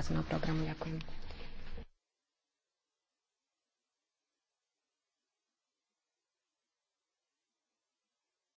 teraz má programu. Ďakujem.